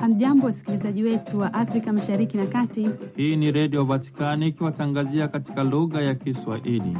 Hamjambo, wasikilizaji wetu wa Afrika mashariki na kati. Hii ni Redio Vatikani ikiwatangazia katika lugha ya Kiswahili.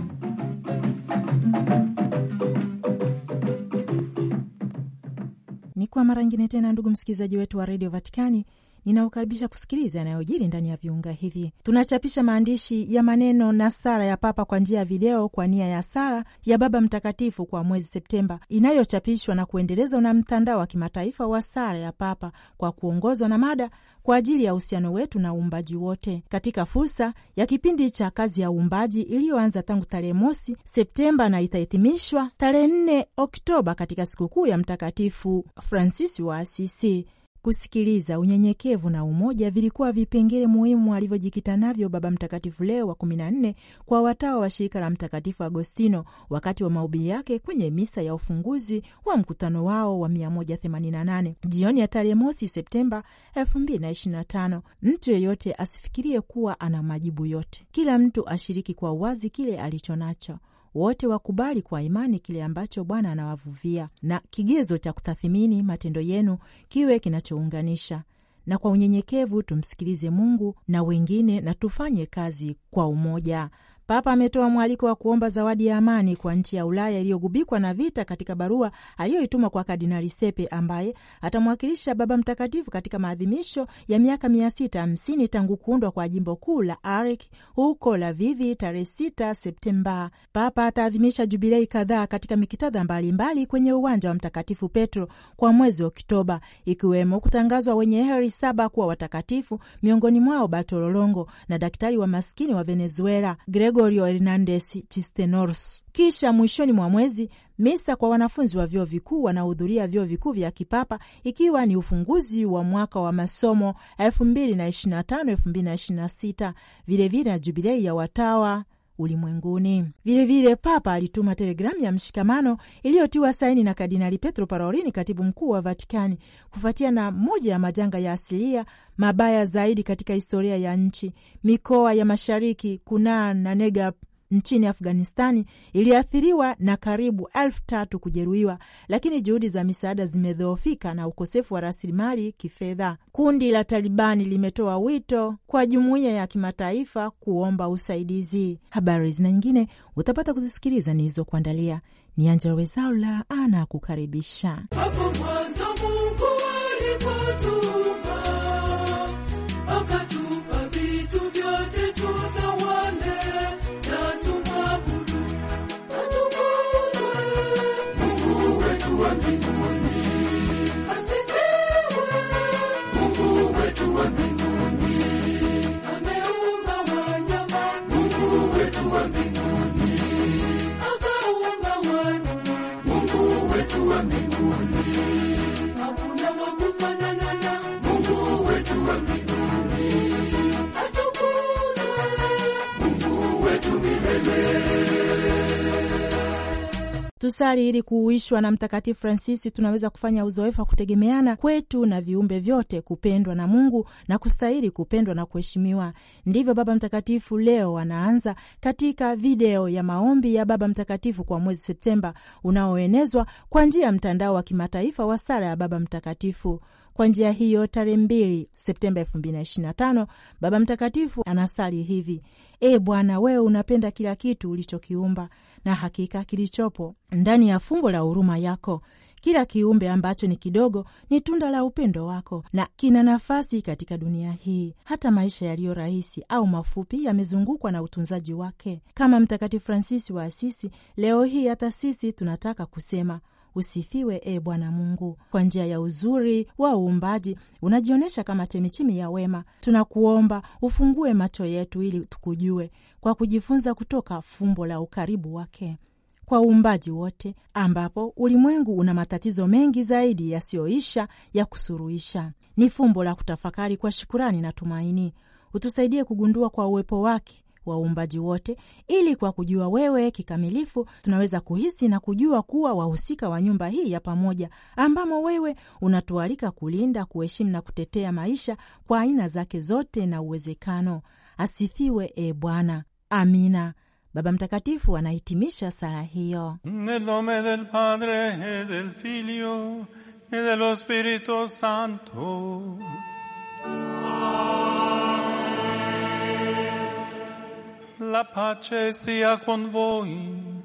Ni kwa mara nyingine tena, ndugu msikilizaji wetu wa Redio Vatikani ninaokaribisha kusikiliza yanayojiri ndani ya viunga hivi. Tunachapisha maandishi ya maneno na sara ya Papa kwa njia ya video kwa nia ya sara ya Baba Mtakatifu kwa mwezi Septemba, inayochapishwa na kuendelezwa na mtandao wa kimataifa wa sara ya Papa kwa kuongozwa na mada kwa ajili ya uhusiano wetu na uumbaji wote, katika fursa ya kipindi cha kazi ya uumbaji iliyoanza tangu tarehe mosi Septemba na itahitimishwa tarehe 4 Oktoba katika sikukuu ya Mtakatifu Fransisi wa Asisi kusikiliza, unyenyekevu na umoja vilikuwa vipengele muhimu alivyojikita navyo Baba Mtakatifu Leo wa kumi na nne kwa watawa wa shirika la Mtakatifu Agostino wakati wa mahubiri yake kwenye misa ya ufunguzi wa mkutano wao wa 188 jioni ya tarehe mosi Septemba 2025. Mtu yeyote asifikirie kuwa ana majibu yote. Kila mtu ashiriki kwa uwazi kile alicho nacho wote wakubali kwa imani kile ambacho Bwana anawavuvia, na kigezo cha kutathimini matendo yenu kiwe kinachounganisha, na kwa unyenyekevu tumsikilize Mungu na wengine, na tufanye kazi kwa umoja. Papa ametoa mwaliko wa kuomba zawadi ya amani kwa nchi ya Ulaya iliyogubikwa na vita katika barua aliyoituma kwa Kardinali Sepe ambaye atamwakilisha Baba Mtakatifu katika maadhimisho ya miaka mia sita hamsini tangu kuundwa kwa jimbo kuu la Arik huko Lavivi tarehe 6 Septemba. Papa ataadhimisha jubilei kadhaa katika mikitadha mbalimbali kwenye uwanja wa Mtakatifu Petro kwa mwezi Oktoba, ikiwemo kutangazwa wenye heri saba kuwa watakatifu, miongoni mwao Bartololongo na daktari wa maskini wa Venezuela Grego Gregorio Hernandez Chistenors. Kisha mwishoni mwa mwezi misa kwa wanafunzi wa vyuo vikuu wanaohudhuria vyuo vikuu vya kipapa ikiwa ni ufunguzi wa mwaka wa masomo 2025/2026 vilevile na jubilei ya watawa ulimwenguni. Vilevile Papa alituma telegramu ya mshikamano iliyotiwa saini na Kardinali Petro Parolini, katibu mkuu wa Vatikani, kufuatia na moja ya majanga ya asilia mabaya zaidi katika historia ya nchi, mikoa ya mashariki Kunar na Negap nchini Afghanistani iliathiriwa na karibu elfu tatu kujeruhiwa, lakini juhudi za misaada zimedhoofika na ukosefu wa rasilimali kifedha. Kundi la Talibani limetoa wito kwa jumuiya ya kimataifa kuomba usaidizi. Habari zina nyingine utapata kuzisikiliza nilizokuandalia. Ni Anja Wezaula anakukaribisha. Tusali ili kuuishwa na Mtakatifu Fransisi, tunaweza kufanya uzoefu wa kutegemeana kwetu na viumbe vyote, kupendwa na Mungu na kustahili kupendwa na kuheshimiwa. Ndivyo Baba Mtakatifu leo anaanza katika video ya maombi ya Baba Mtakatifu kwa mwezi Septemba unaoenezwa kwa njia ya mtandao wa kimataifa wa sala ya Baba Mtakatifu. Kwa njia hiyo tarehe mbili Septemba elfu mbili na na tano Baba Mtakatifu anasali hivi: E Bwana, wewe unapenda kila kitu ulichokiumba na hakika kilichopo ndani ya fumbo la huruma yako kila kiumbe ambacho ni kidogo ni tunda la upendo wako na kina nafasi katika dunia hii. Hata maisha yaliyo rahisi au mafupi yamezungukwa na utunzaji wake. Kama Mtakatifu Fransisi wa Asisi, leo hii hata sisi tunataka kusema Usifiwe e Bwana Mungu. Kwa njia ya uzuri wa uumbaji unajionyesha kama chemichimi ya wema. Tunakuomba ufungue macho yetu ili tukujue, kwa kujifunza kutoka fumbo la ukaribu wake kwa uumbaji wote, ambapo ulimwengu una matatizo mengi zaidi yasiyoisha ya kusuruhisha. Ni fumbo la kutafakari kwa shukurani na tumaini. Utusaidie kugundua kwa uwepo wake waumbaji wote, ili kwa kujua wewe kikamilifu tunaweza kuhisi na kujua kuwa wahusika wa nyumba hii ya pamoja, ambamo wewe unatualika kulinda, kuheshimu na kutetea maisha kwa aina zake zote na uwezekano. Asifiwe e Bwana. Amina. Baba Mtakatifu anahitimisha sala hiyo. Nel nome del Padre e del Figlio e dello Spirito Santo. La pace sia con voi.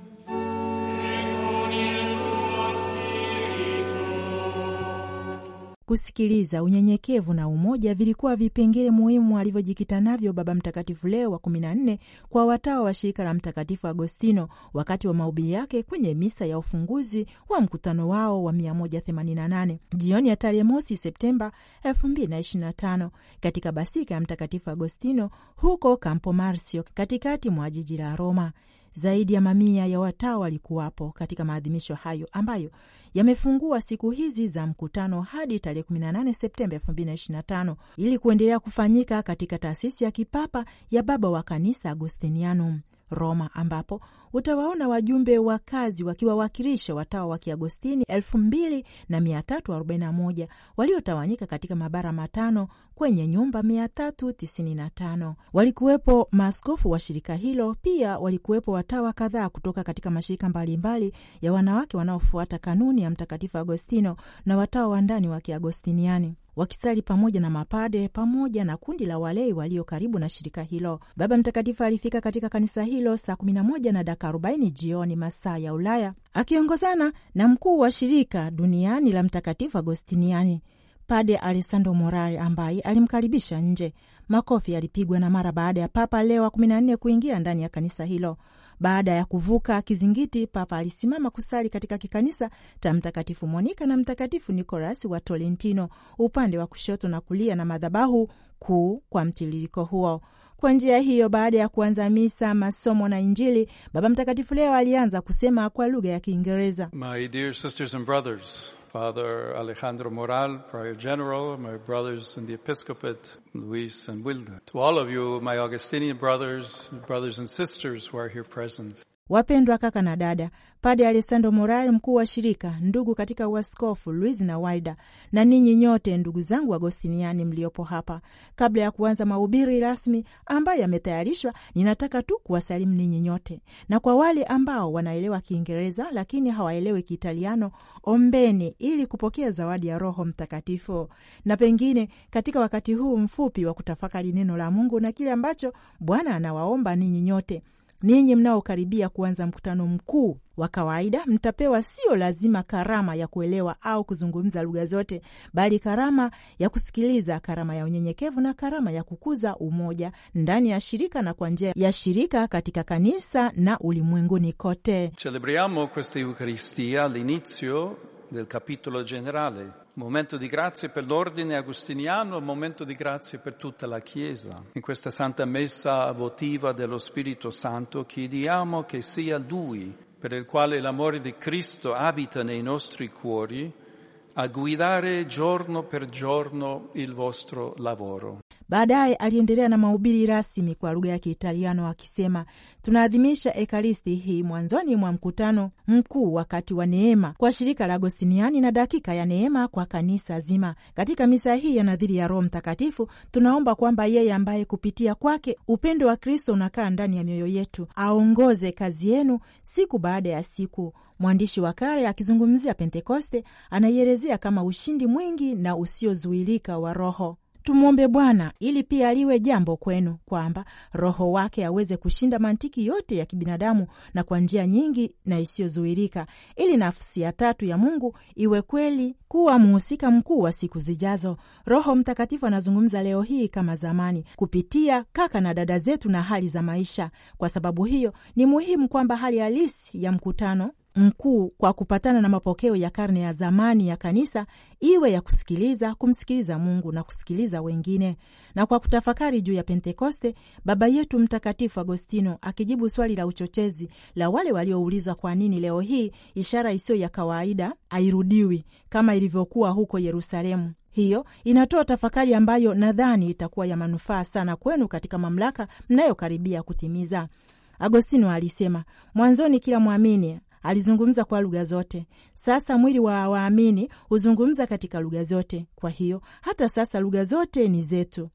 kusikiliza, unyenyekevu na umoja vilikuwa vipengele muhimu alivyojikita navyo Baba Mtakatifu Leo wa kumi na nne kwa watawa wa shirika la Mtakatifu Agostino wakati wa mahubiri yake kwenye misa ya ufunguzi wa mkutano wao wa 188 jioni ya tarehe mosi Septemba 2025 katika basika ya Mtakatifu Agostino huko Campo Marzio katikati mwa jiji la Roma. Zaidi ya mamia ya watawa walikuwapo katika maadhimisho hayo ambayo yamefungua siku hizi za mkutano hadi tarehe 18 Septemba 2025 ili kuendelea kufanyika katika taasisi ya kipapa ya Baba wa Kanisa Agustinianum. Roma, ambapo utawaona wajumbe wa kazi wakiwawakilisha watawa wa Kiagostini 2341 waliotawanyika katika mabara matano kwenye nyumba 395. Walikuwepo maaskofu wa shirika hilo. Pia walikuwepo watawa kadhaa kutoka katika mashirika mbalimbali mbali ya wanawake wanaofuata kanuni ya Mtakatifu Agostino na watawa wa ndani wa Kiagostiniani wakisali pamoja na mapade pamoja na kundi la walei walio karibu na shirika hilo. Baba Mtakatifu alifika katika kanisa hilo saa 11 na dakika 40 jioni masaa ya Ulaya, akiongozana na mkuu wa shirika duniani la Mtakatifu Agostiniani Pade Alessandro Morari ambaye alimkaribisha nje. Makofi yalipigwa na mara baada ya Papa Leo wa 14 kuingia ndani ya kanisa hilo. Baada ya kuvuka kizingiti, Papa alisimama kusali katika kikanisa cha Mtakatifu Monika na Mtakatifu Nicolas wa Tolentino, upande wa kushoto na kulia na madhabahu kuu kwa mtiririko huo. Kwa njia hiyo, baada ya kuanza misa, masomo na Injili, Baba Mtakatifu leo alianza kusema kwa lugha ya Kiingereza. My dear sisters and brothers Father Alejandro Moral, Prior General, my brothers in the Episcopate, Luis and Wilda. To all of you, my Augustinian brothers, brothers and sisters who are here present, Wapendwa kaka na dada, Padre Alessandro Morari, mkuu wa shirika ndugu katika uaskofu Luis na Waida, na ninyi nyote ndugu zangu Agostiniani mliopo hapa, kabla ya kuanza mahubiri rasmi ambayo yametayarishwa, ninataka tu kuwasalimu ninyi nyote, na kwa wale ambao wanaelewa Kiingereza lakini hawaelewi Kiitaliano, ombeni ili kupokea zawadi ya Roho Mtakatifu, na pengine katika wakati huu mfupi wa kutafakari neno la Mungu na kile ambacho Bwana anawaomba ninyi nyote Ninyi mnaokaribia kuanza mkutano mkuu wa kawaida mtapewa sio lazima karama ya kuelewa au kuzungumza lugha zote, bali karama ya kusikiliza, karama ya unyenyekevu na karama ya kukuza umoja ndani ya shirika na kwa njia ya shirika katika kanisa na ulimwenguni kote. Celebriamo questa eucaristia all'inizio del capitolo generale Momento di grazie per l'ordine agostiniano, momento di grazie per tutta la Chiesa. In questa santa messa votiva dello Spirito Santo chiediamo che sia Lui, per il quale l'amore di Cristo abita nei nostri cuori, a guidare giorno per giorno il vostro lavoro. Baadaye aliendelea na mahubiri rasmi kwa lugha ya Kiitaliano akisema, tunaadhimisha ekaristi hii mwanzoni mwa mkutano mkuu, wakati wa neema kwa shirika la Agostiniani na dakika ya neema kwa kanisa zima. Katika misa hii ya nadhiri ya Roho Mtakatifu, tunaomba kwamba yeye ambaye kupitia kwake upendo wa Kristo unakaa ndani ya mioyo yetu aongoze kazi yenu siku baada ya siku. Mwandishi wa kale akizungumzia Pentekoste anaielezea kama ushindi mwingi na usiozuilika wa Roho. Tumwombe Bwana ili pia liwe jambo kwenu kwamba Roho wake aweze kushinda mantiki yote ya kibinadamu na kwa njia nyingi na isiyozuirika, ili nafsi ya tatu ya Mungu iwe kweli kuwa mhusika mkuu wa siku zijazo. Roho Mtakatifu anazungumza leo hii kama zamani kupitia kaka na dada zetu na hali za maisha. Kwa sababu hiyo, ni muhimu kwamba hali halisi ya mkutano mkuu kwa kupatana na mapokeo ya karne ya zamani ya kanisa, iwe ya kusikiliza, kumsikiliza Mungu na kusikiliza wengine, na kwa kutafakari juu ya Pentekoste. Baba yetu Mtakatifu Agostino akijibu swali la uchochezi la wale walioulizwa kwa nini leo hii ishara isiyo ya kawaida hairudiwi kama ilivyokuwa huko Yerusalemu. Hiyo inatoa tafakari ambayo nadhani itakuwa ya manufaa sana kwenu katika mamlaka mnayokaribia kutimiza. Agostino alisema mwanzoni, kila mwamini alizungumza kwa lugha zote. Sasa mwili wa waamini huzungumza katika lugha zote. Kwa hiyo hata sasa lugha zote ni zetu,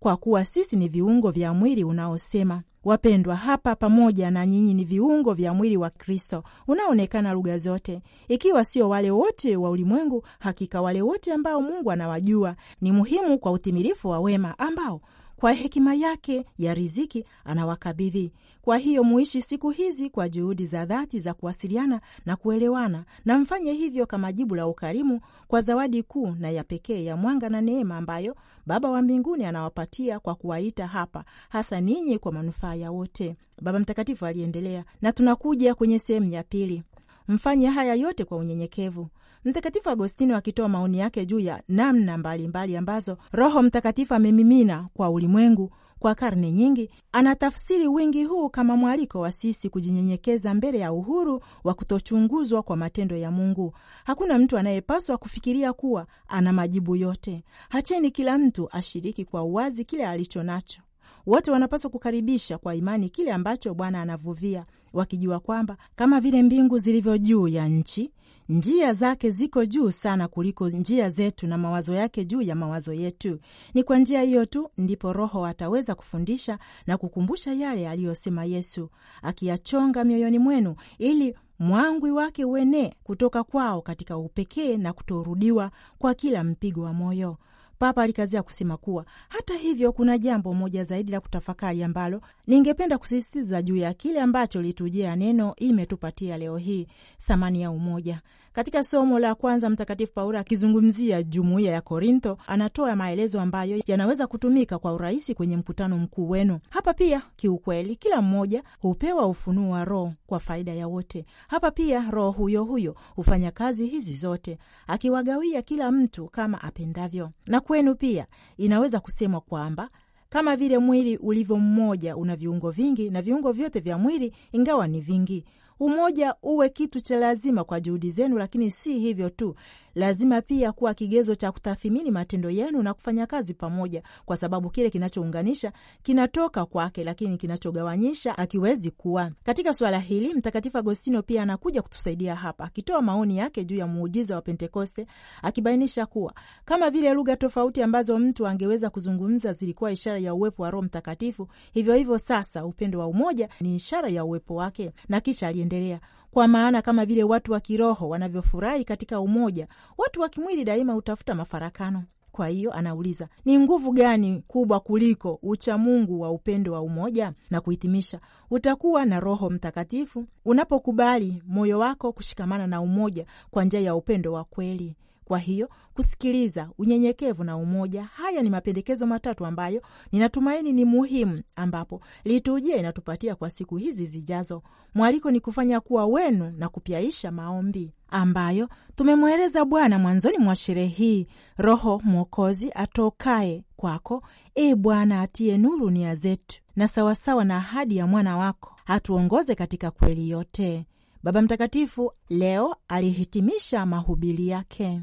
kwa kuwa sisi ni viungo vya mwili unaosema. Wapendwa, hapa pamoja na nyinyi ni viungo vya mwili wa Kristo unaoonekana lugha zote, ikiwa sio wale wote wa ulimwengu, hakika wale wote ambao Mungu anawajua. Ni muhimu kwa utimilifu wa wema ambao kwa hekima yake ya riziki anawakabidhi. Kwa hiyo muishi siku hizi kwa juhudi za dhati za kuwasiliana na kuelewana, na mfanye hivyo kama jibu la ukarimu kwa zawadi kuu na ya pekee ya mwanga na neema ambayo Baba wa mbinguni anawapatia kwa kuwaita hapa, hasa ninyi, kwa manufaa ya wote. Baba Mtakatifu aliendelea, na tunakuja kwenye sehemu ya pili. Mfanye haya yote kwa unyenyekevu. Mtakatifu Agostino akitoa maoni yake juu ya namna mbalimbali mbali ambazo Roho Mtakatifu amemimina kwa ulimwengu kwa karne nyingi, anatafsiri wingi huu kama mwaliko wa sisi kujinyenyekeza mbele ya uhuru wa kutochunguzwa kwa matendo ya Mungu. Hakuna mtu anayepaswa kufikiria kuwa ana majibu yote. Hacheni kila mtu ashiriki kwa uwazi kile alicho nacho. Wote wanapaswa kukaribisha kwa imani kile ambacho Bwana anavuvia wakijua kwamba kama vile mbingu zilivyo juu ya nchi, njia zake ziko juu sana kuliko njia zetu, na mawazo yake juu ya mawazo yetu. Ni kwa njia hiyo tu ndipo Roho ataweza kufundisha na kukumbusha yale aliyosema Yesu, akiyachonga mioyoni mwenu ili mwangwi wake uenee kutoka kwao katika upekee na kutorudiwa kwa kila mpigo wa moyo. Papa alikazia kusema kuwa hata hivyo, kuna jambo moja zaidi la kutafakari ambalo ningependa kusisitiza juu ya kile ambacho liturujia ya neno imetupatia leo hii, thamani ya umoja. Katika somo la kwanza, Mtakatifu Paulo akizungumzia jumuiya ya Korinto anatoa maelezo ambayo yanaweza kutumika kwa urahisi kwenye mkutano mkuu wenu. Hapa pia kiukweli, kila mmoja hupewa ufunuo wa Roho kwa faida ya wote. Hapa pia Roho huyo huyo hufanya kazi hizi zote, akiwagawia kila mtu kama apendavyo. Na kwenu pia inaweza kusemwa kwamba kama vile mwili ulivyo mmoja una viungo vingi, na viungo vyote vya mwili ingawa ni vingi, Umoja uwe kitu cha lazima kwa juhudi zenu, lakini si hivyo tu, Lazima pia kuwa kigezo cha kutathimini matendo yenu na kufanya kazi pamoja, kwa sababu kile kinachounganisha kinatoka kwake, lakini kinachogawanyisha akiwezi kuwa. Katika suala hili, Mtakatifu Agostino pia anakuja kutusaidia hapa, akitoa maoni yake juu ya muujiza wa Pentekoste, akibainisha kuwa kama vile lugha tofauti ambazo mtu angeweza kuzungumza zilikuwa ishara ya uwepo wa Roho Mtakatifu, hivyo hivyo sasa upendo wa umoja ni ishara ya uwepo wake. Na kisha aliendelea kwa maana kama vile watu wa kiroho wanavyofurahi katika umoja, watu wa kimwili daima hutafuta mafarakano. Kwa hiyo anauliza ni nguvu gani kubwa kuliko uchamungu wa upendo wa umoja? Na kuhitimisha, utakuwa na Roho Mtakatifu unapokubali moyo wako kushikamana na umoja kwa njia ya upendo wa kweli. Kwa hiyo kusikiliza, unyenyekevu na umoja, haya ni mapendekezo matatu ambayo ninatumaini ni muhimu, ambapo liturujia inatupatia kwa siku hizi zijazo. Mwaliko ni kufanya kuwa wenu na kupyaisha maombi ambayo tumemweleza Bwana mwanzoni mwa sherehe hii. Roho Mwokozi atokaye kwako, e Bwana, atie nuru nia zetu, na sawasawa na ahadi ya mwana wako atuongoze katika kweli yote. Baba Mtakatifu leo alihitimisha mahubiri yake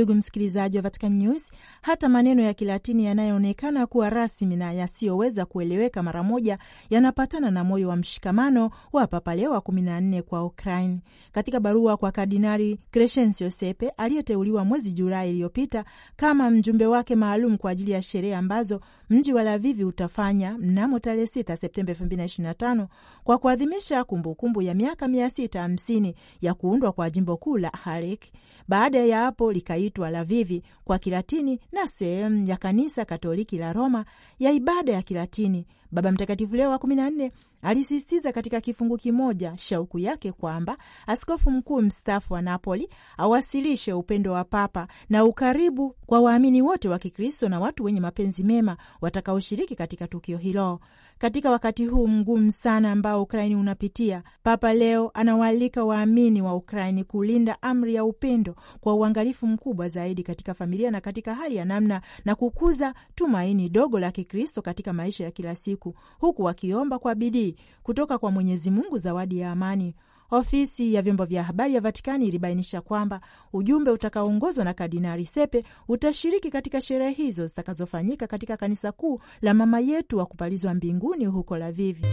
ndugu msikilizaji wa Vatican News, hata maneno ya Kilatini yanayoonekana kuwa rasmi na yasiyoweza kueleweka mara moja yanapatana na moyo wa mshikamano wa Papa Leo wa kumi na nne kwa Ukraine. Katika barua kwa Kardinali Crescenzio Sepe aliyeteuliwa mwezi Julai iliyopita kama mjumbe wake maalum kwa ajili ya sherehe ambazo mji wa Lavivi utafanya mnamo tarehe 6 Septemba 2025 kwa kuadhimisha kumbukumbu ya miaka 650 ya kuundwa kwa jimbo kuu la Harek. Baada ya hapo likaitwa Lavivi kwa Kilatini na sehemu ya kanisa Katoliki la Roma ya ibada ya Kilatini. Baba Mtakatifu Leo wa 14 Alisisitiza katika kifungu kimoja shauku yake kwamba askofu mkuu mstaafu wa Napoli awasilishe upendo wa Papa na ukaribu kwa waamini wote wa Kikristo na watu wenye mapenzi mema watakaoshiriki katika tukio hilo. Katika wakati huu mgumu sana ambao Ukraini unapitia, Papa leo anawaalika waamini wa Ukraini kulinda amri ya upendo kwa uangalifu mkubwa zaidi katika familia na katika hali ya namna na kukuza tumaini dogo la Kikristo katika maisha ya kila siku, huku wakiomba kwa bidii kutoka kwa Mwenyezi Mungu zawadi ya amani Ofisi ya vyombo vya habari ya Vatikani ilibainisha kwamba ujumbe utakaoongozwa na Kardinali Sepe utashiriki katika sherehe hizo zitakazofanyika katika kanisa kuu la Mama yetu wa kupalizwa mbinguni huko Lavivi.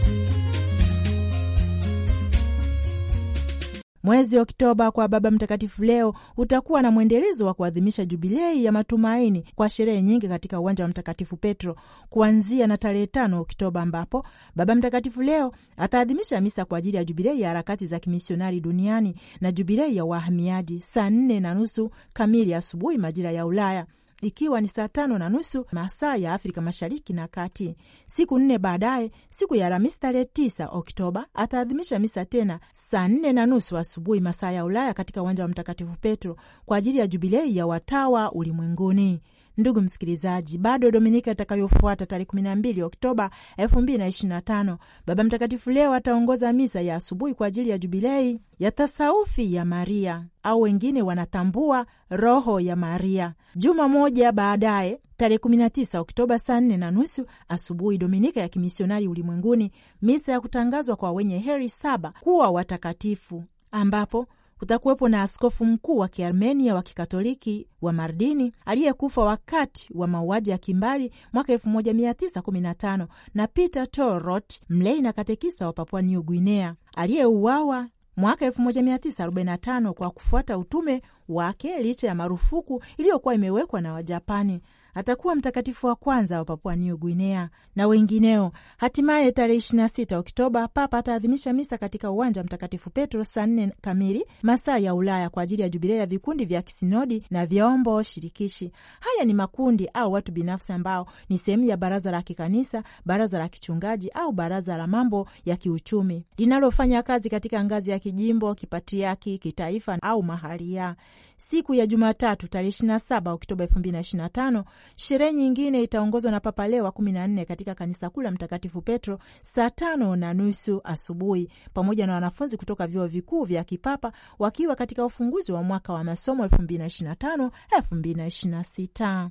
Mwezi Oktoba kwa Baba Mtakatifu leo utakuwa na mwendelezo wa kuadhimisha jubilei ya matumaini kwa sherehe nyingi katika uwanja wa Mtakatifu Petro kuanzia na tarehe tano Oktoba, ambapo Baba Mtakatifu leo ataadhimisha misa kwa ajili ya jubilei ya harakati za kimisionari duniani na jubilei ya wahamiaji saa nne na nusu kamili asubuhi majira ya Ulaya ikiwa ni saa tano na nusu masaa ya Afrika Mashariki na Kati. Siku nne baadaye, siku ya Alhamisi tarehe 9 Oktoba, ataadhimisha misa tena saa nne na nusu asubuhi masaa ya Ulaya katika uwanja wa Mtakatifu Petro kwa ajili ya jubilei ya watawa ulimwenguni. Ndugu msikilizaji, bado dominika itakayofuata tarehe kumi na mbili Oktoba elfu mbili na na tano Baba Mtakatifu leo ataongoza misa ya asubuhi kwa ajili ya jubilei ya tasaufi ya Maria au wengine wanatambua roho ya Maria. Juma moja baadaye tarehe 19 Oktoba saa nne na nusu asubuhi, dominika ya kimisionari ulimwenguni, misa ya kutangazwa kwa wenye heri saba kuwa watakatifu ambapo kutakuwepo na askofu mkuu wa Kiarmenia wa Kikatoliki wa Mardini aliyekufa wakati wa mauaji ya kimbari mwaka 1915 na Peter Torot, mlei na katekista wa Papua New Guinea aliyeuawa mwaka 1945 kwa kufuata utume wake licha ya marufuku iliyokuwa imewekwa na Wajapani atakuwa mtakatifu wa kwanza wa Papua New Guinea na wengineo. Hatimaye tarehe 26 Oktoba Papa ataadhimisha misa katika uwanja wa Mtakatifu Petro saa nne kamili masaa ya Ulaya kwa ajili ya jubilei ya vikundi vya kisinodi na vyombo shirikishi. Haya ni makundi au watu binafsi ambao ni sehemu ya baraza la kikanisa, baraza la kichungaji au baraza la mambo ya kiuchumi linalofanya kazi katika ngazi ya kijimbo, kipatriaki, kitaifa au mahalia siku ya Jumatatu tarehe 27 Oktoba 2025. Sherehe nyingine itaongozwa na Papa Leo wa 14 katika kanisa kuu la Mtakatifu Petro saa tano na nusu asubuhi, pamoja na wanafunzi kutoka vyuo vikuu vya kipapa wakiwa katika ufunguzi wa mwaka wa masomo 2025 2026.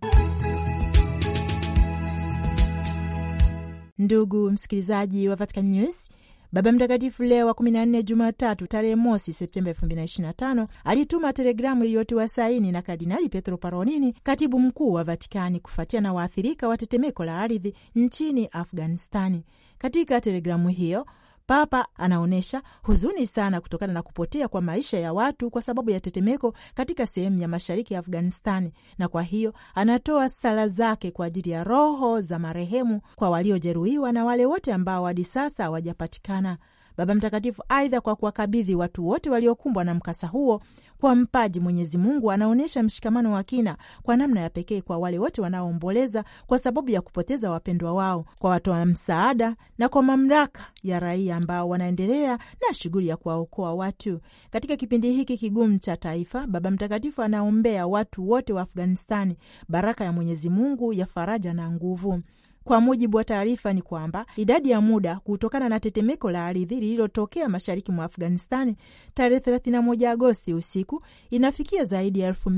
Ndugu msikilizaji wa Vatican News, Baba Mtakatifu Leo wa 14 Jumatatu tarehe mosi Septemba 2025 alituma telegramu iliyotiwa saini na Kardinali petro paronini katibu mkuu wa Vatikani, kufuatia na waathirika wa tetemeko la ardhi nchini Afghanistani. Katika telegramu hiyo Papa anaonyesha huzuni sana kutokana na kupotea kwa maisha ya watu kwa sababu ya tetemeko katika sehemu ya mashariki ya Afghanistani, na kwa hiyo anatoa sala zake kwa ajili ya roho za marehemu, kwa waliojeruhiwa na wale wote ambao hadi sasa hawajapatikana. Baba Mtakatifu aidha kwa kuwakabidhi watu wote waliokumbwa na mkasa huo kwa mpaji Mwenyezi Mungu, anaonyesha mshikamano wa kina kwa namna ya pekee kwa wale wote wanaoomboleza kwa sababu ya kupoteza wapendwa wao, kwa watoa wa msaada na kwa mamlaka ya raia ambao wanaendelea na shughuli ya kuwaokoa watu katika kipindi hiki kigumu cha taifa. Baba Mtakatifu anaombea watu wote wa Afghanistani baraka ya Mwenyezi Mungu ya faraja na nguvu. Kwa mujibu wa taarifa ni kwamba idadi ya muda kutokana na tetemeko la ardhi lililotokea mashariki mwa Afghanistani tarehe 31 Agosti usiku inafikia zaidi ya elfu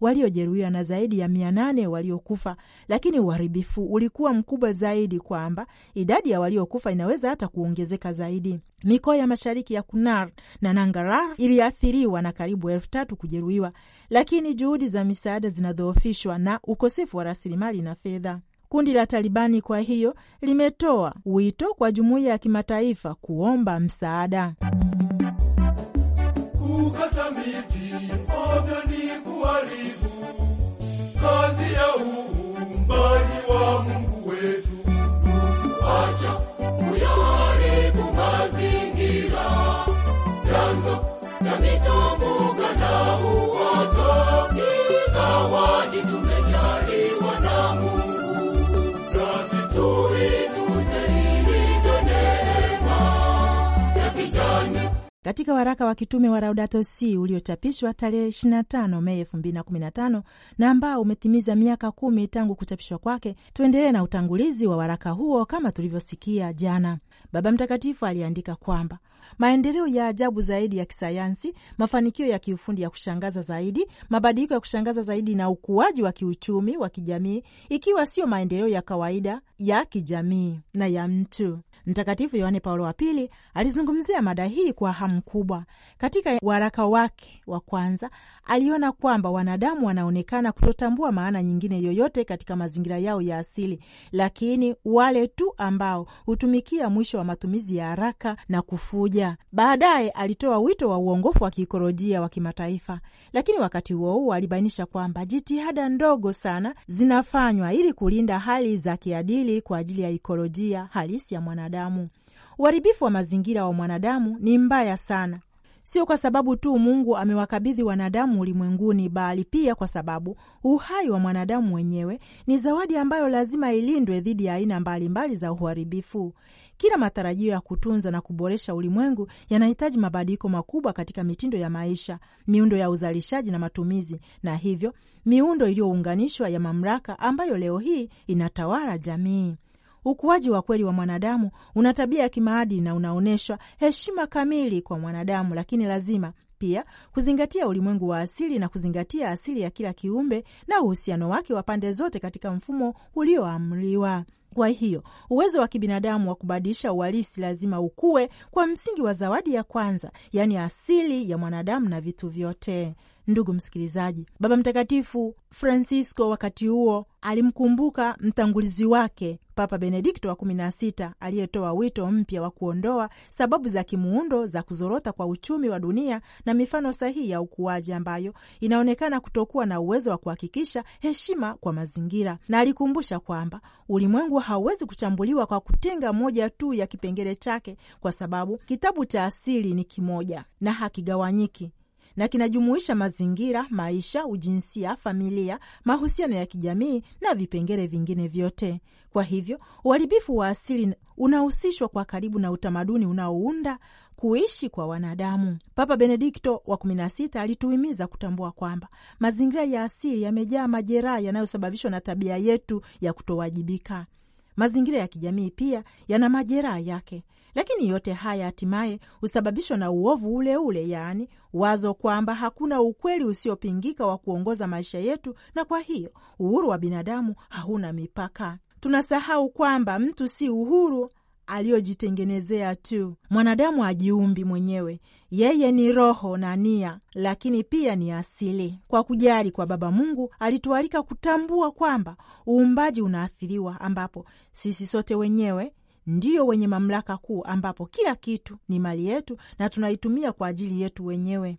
waliojeruhiwa na zaidi ya mia waliokufa, lakini uharibifu ulikuwa mkubwa zaidi kwamba idadi ya waliokufa inaweza hata kuongezeka zaidi. Mikoa ya mashariki ya Kunar na nangarar iliathiriwa na karibu elfu tatu kujeruhiwa, lakini juhudi za misaada zinadhoofishwa na ukosefu wa rasilimali na fedha. Kundi la Talibani kwa hiyo limetoa wito kwa jumuiya ya kimataifa kuomba msaada. Kukata miti ovyo ni kuharibu kazi ya uumbaji wa Mungu wetu. Katika waraka wa kitume wa Laudato Si uliochapishwa tarehe 25 Mei 2015 na ambao umetimiza miaka kumi tangu kuchapishwa kwake, tuendelee na utangulizi wa waraka huo. Kama tulivyosikia jana, Baba Mtakatifu aliandika kwamba maendeleo ya ajabu zaidi ya kisayansi, mafanikio ya kiufundi ya kushangaza zaidi, mabadiliko ya kushangaza zaidi na ukuaji wa kiuchumi wa kijamii, ikiwa sio maendeleo ya kawaida ya kijamii na ya mtu Mtakatifu Yohane Paulo wa Pili alizungumzia mada hii kwa hamu kubwa. Katika waraka wake wa kwanza, aliona kwamba wanadamu wanaonekana kutotambua maana nyingine yoyote katika mazingira yao ya asili, lakini wale tu ambao hutumikia mwisho wa matumizi ya haraka na kufuja. Baadaye alitoa wito wa uongofu wa kiikolojia wa kimataifa, lakini wakati huo huo alibainisha kwamba jitihada ndogo sana zinafanywa ili kulinda hali za kiadili kwa ajili ya ikolojia halisi ya mwanadamu mwanadamu. Uharibifu wa mazingira wa mwanadamu ni mbaya sana, sio kwa sababu tu Mungu amewakabidhi wanadamu ulimwenguni, bali pia kwa sababu uhai wa mwanadamu wenyewe ni zawadi ambayo lazima ilindwe dhidi ya aina mbalimbali za uharibifu. Kila matarajio ya kutunza na kuboresha ulimwengu yanahitaji mabadiliko makubwa katika mitindo ya maisha, miundo ya uzalishaji na matumizi, na hivyo miundo iliyounganishwa ya mamlaka ambayo leo hii inatawala jamii. Ukuaji wa kweli wa mwanadamu una tabia ya kimaadili na unaonyeshwa heshima kamili kwa mwanadamu, lakini lazima pia kuzingatia ulimwengu wa asili na kuzingatia asili ya kila kiumbe na uhusiano wake wa pande zote katika mfumo ulioamriwa. Kwa hiyo uwezo wa kibinadamu wa kubadilisha uhalisi lazima ukue kwa msingi wa zawadi ya kwanza, yaani asili ya mwanadamu na vitu vyote. Ndugu msikilizaji, Baba Mtakatifu Francisco wakati huo alimkumbuka mtangulizi wake Papa Benedikto wa kumi na sita aliyetoa wito mpya wa kuondoa sababu za kimuundo za kuzorota kwa uchumi wa dunia na mifano sahihi ya ukuaji ambayo inaonekana kutokuwa na uwezo wa kuhakikisha heshima kwa mazingira, na alikumbusha kwamba ulimwengu hauwezi kuchambuliwa kwa kutenga moja tu ya kipengele chake, kwa sababu kitabu cha asili ni kimoja na hakigawanyiki na kinajumuisha mazingira, maisha, ujinsia, familia, mahusiano ya kijamii na vipengele vingine vyote. Kwa hivyo uharibifu wa asili unahusishwa kwa karibu na utamaduni unaounda kuishi kwa wanadamu. Papa Benedikto wa 16 alituhimiza kutambua kwamba mazingira ya asili yamejaa majeraha yanayosababishwa na tabia yetu ya kutowajibika. Mazingira ya kijamii pia yana majeraha yake, lakini yote haya hatimaye husababishwa na uovu ule ule, yaani wazo kwamba hakuna ukweli usiopingika wa kuongoza maisha yetu, na kwa hiyo uhuru wa binadamu hauna mipaka. Tunasahau kwamba mtu si uhuru aliyojitengenezea tu. Mwanadamu ajiumbi mwenyewe, yeye ni roho na nia, lakini pia ni asili. Kwa kujali kwa Baba Mungu, alitualika kutambua kwamba uumbaji unaathiriwa, ambapo sisi sote wenyewe ndio wenye mamlaka kuu, ambapo kila kitu ni mali yetu na tunaitumia kwa ajili yetu wenyewe.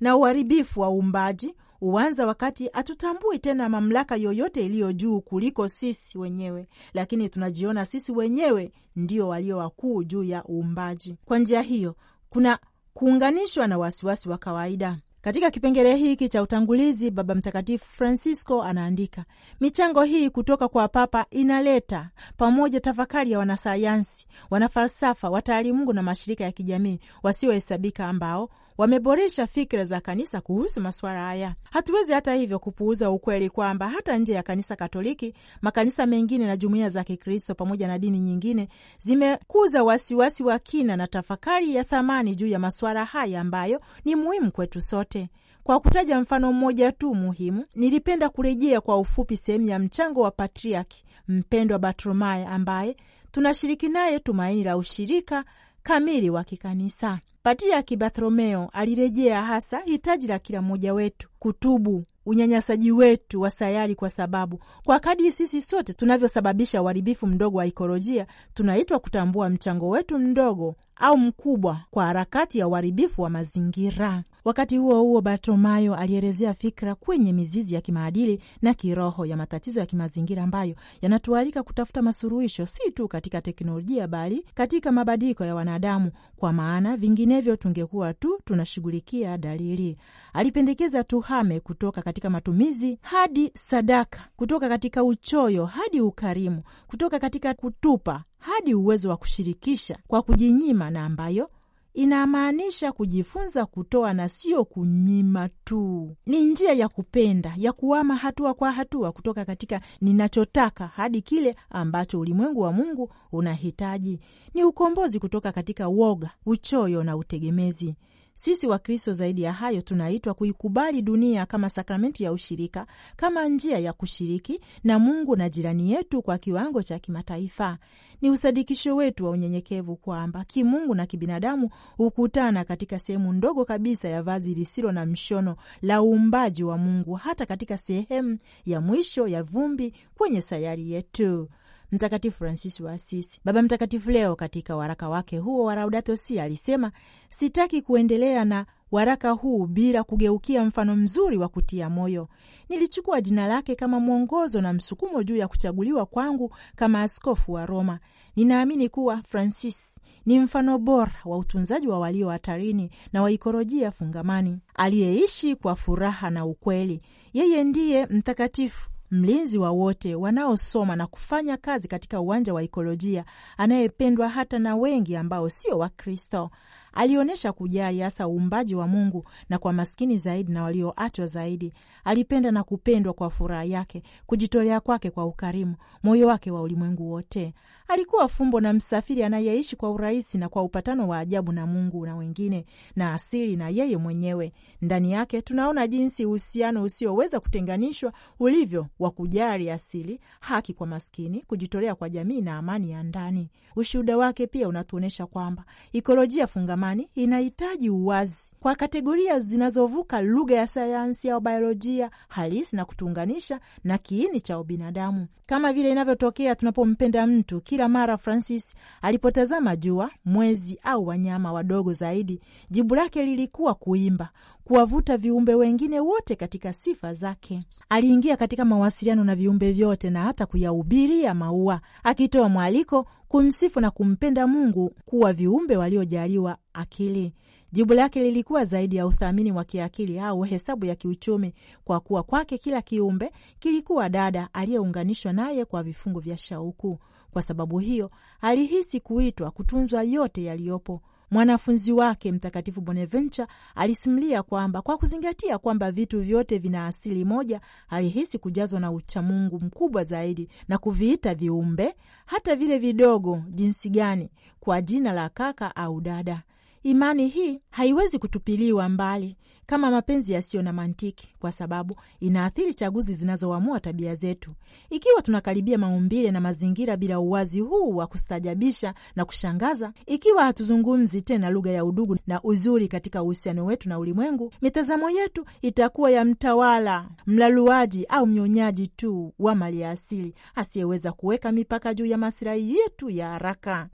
Na uharibifu wa uumbaji huanza wakati hatutambui tena mamlaka yoyote iliyo juu kuliko sisi wenyewe, lakini tunajiona sisi wenyewe ndio walio wakuu juu ya uumbaji. Kwa njia hiyo kuna kuunganishwa na wasiwasi wa kawaida katika kipengele hiki cha utangulizi, Baba Mtakatifu Francisco anaandika, michango hii kutoka kwa Papa inaleta pamoja tafakari ya wanasayansi, wanafalsafa, wataalimungu na mashirika ya kijamii wasiohesabika ambao wameboresha fikira za kanisa kuhusu masuala haya. Hatuwezi hata hivyo kupuuza ukweli kwamba hata nje ya kanisa Katoliki, makanisa mengine na jumuiya za Kikristo pamoja na dini nyingine zimekuza wasiwasi wa kina na tafakari ya thamani juu ya masuala haya ambayo ni muhimu kwetu sote. Kwa kutaja mfano mmoja tu muhimu, nilipenda kurejea kwa ufupi sehemu ya mchango wa patriaki mpendwa Bartolomaya ambaye tunashiriki naye tumaini la ushirika kamili wa kikanisa. Patriaki Bartholomeo alirejea hasa hitaji la kila mmoja wetu kutubu unyanyasaji wetu wa sayari, kwa sababu kwa kadi sisi sote tunavyosababisha uharibifu mdogo wa ikolojia, tunaitwa kutambua mchango wetu mdogo au mkubwa kwa harakati ya uharibifu wa mazingira. Wakati huo huo, Bartomayo alielezea fikra kwenye mizizi ya kimaadili na kiroho ya matatizo ya kimazingira ambayo yanatualika kutafuta masuluhisho si tu katika teknolojia, bali katika mabadiliko ya wanadamu, kwa maana vinginevyo tungekuwa tu tunashughulikia dalili. Alipendekeza tuhame kutoka katika matumizi hadi sadaka, kutoka katika uchoyo hadi ukarimu, kutoka katika kutupa hadi uwezo wa kushirikisha kwa kujinyima, na ambayo inamaanisha kujifunza kutoa na sio kunyima tu. Ni njia ya kupenda ya kuama hatua kwa hatua kutoka katika ninachotaka hadi kile ambacho ulimwengu wa Mungu unahitaji. Ni ukombozi kutoka katika woga, uchoyo na utegemezi. Sisi Wakristo, zaidi ya hayo, tunaitwa kuikubali dunia kama sakramenti ya ushirika, kama njia ya kushiriki na Mungu na jirani yetu kwa kiwango cha kimataifa. Ni usadikisho wetu wa unyenyekevu kwamba kimungu na kibinadamu hukutana katika sehemu ndogo kabisa ya vazi lisilo na mshono la uumbaji wa Mungu, hata katika sehemu ya mwisho ya vumbi kwenye sayari yetu. Mtakatifu Francis wa Asisi. Baba Mtakatifu leo katika waraka wake huo wa Laudato Si alisema, sitaki kuendelea na waraka huu bila kugeukia mfano mzuri wa kutia moyo. Nilichukua jina lake kama mwongozo na msukumo juu ya kuchaguliwa kwangu kama askofu wa Roma. Ninaamini kuwa Francis ni mfano bora wa utunzaji wa walio hatarini na wa ikolojia fungamani, aliyeishi kwa furaha na ukweli. Yeye ndiye mtakatifu mlinzi wa wote wanaosoma na kufanya kazi katika uwanja wa ikolojia, anayependwa hata na wengi ambao sio Wakristo. Alionyesha kujali hasa uumbaji wa Mungu na kwa maskini zaidi na walioachwa zaidi. Alipenda na kupendwa kwa furaha yake, kujitolea kwake kwa ukarimu, moyo wake wa ulimwengu wote. Alikuwa fumbo na msafiri anayeishi kwa urahisi na kwa upatano wa ajabu na Mungu na wengine na asili na yeye mwenyewe. Ndani yake tunaona jinsi uhusiano usioweza kutenganishwa ulivyo wa kujali asili, haki kwa maskini, kujitolea kwa jamii na amani ya ndani. Ushuhuda wake pia unatuonyesha kwamba ikolojia fungamani jamani, inahitaji uwazi kwa kategoria zinazovuka lugha ya sayansi au biolojia halisi na kutuunganisha na kiini cha ubinadamu, kama vile inavyotokea tunapompenda mtu. Kila mara Francis alipotazama jua, mwezi au wanyama wadogo zaidi, jibu lake lilikuwa kuimba kuwavuta viumbe wengine wote katika sifa zake. Aliingia katika mawasiliano na viumbe vyote na hata kuyahubiria maua, akitoa mwaliko kumsifu na kumpenda Mungu kuwa viumbe waliojaliwa akili. Jibu lake lilikuwa zaidi ya uthamini wa kiakili au hesabu ya kiuchumi, kwa kuwa kwake kila kiumbe kilikuwa dada aliyeunganishwa naye kwa vifungu vya shauku. Kwa sababu hiyo alihisi kuitwa kutunzwa yote yaliyopo Mwanafunzi wake Mtakatifu bonaventure alisimulia kwamba kwa kuzingatia kwamba vitu vyote vina asili moja, alihisi kujazwa na uchamungu mkubwa zaidi na kuviita viumbe, hata vile vidogo jinsi gani, kwa jina la kaka au dada. Imani hii haiwezi kutupiliwa mbali kama mapenzi yasiyo na mantiki, kwa sababu inaathiri chaguzi zinazoamua tabia zetu. Ikiwa tunakaribia maumbile na mazingira bila uwazi huu wa kustajabisha na kushangaza, ikiwa hatuzungumzi tena lugha ya udugu na uzuri katika uhusiano wetu na ulimwengu, mitazamo yetu itakuwa ya mtawala, mlaluaji au mnyonyaji tu wa mali ya asili asiyeweza kuweka mipaka juu ya masilahi yetu ya haraka.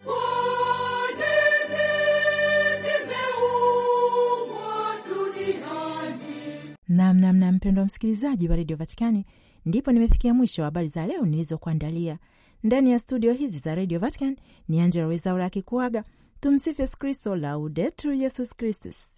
Namnamna mpendwa msikilizaji wa redio Vatikani, ndipo nimefikia mwisho wa habari za leo nilizokuandalia ndani ya studio hizi za redio Vatican. Ni Angela Wezaura akikuaga. Tumsifu Yesu Kristo, Laudetur Yesus Kristus.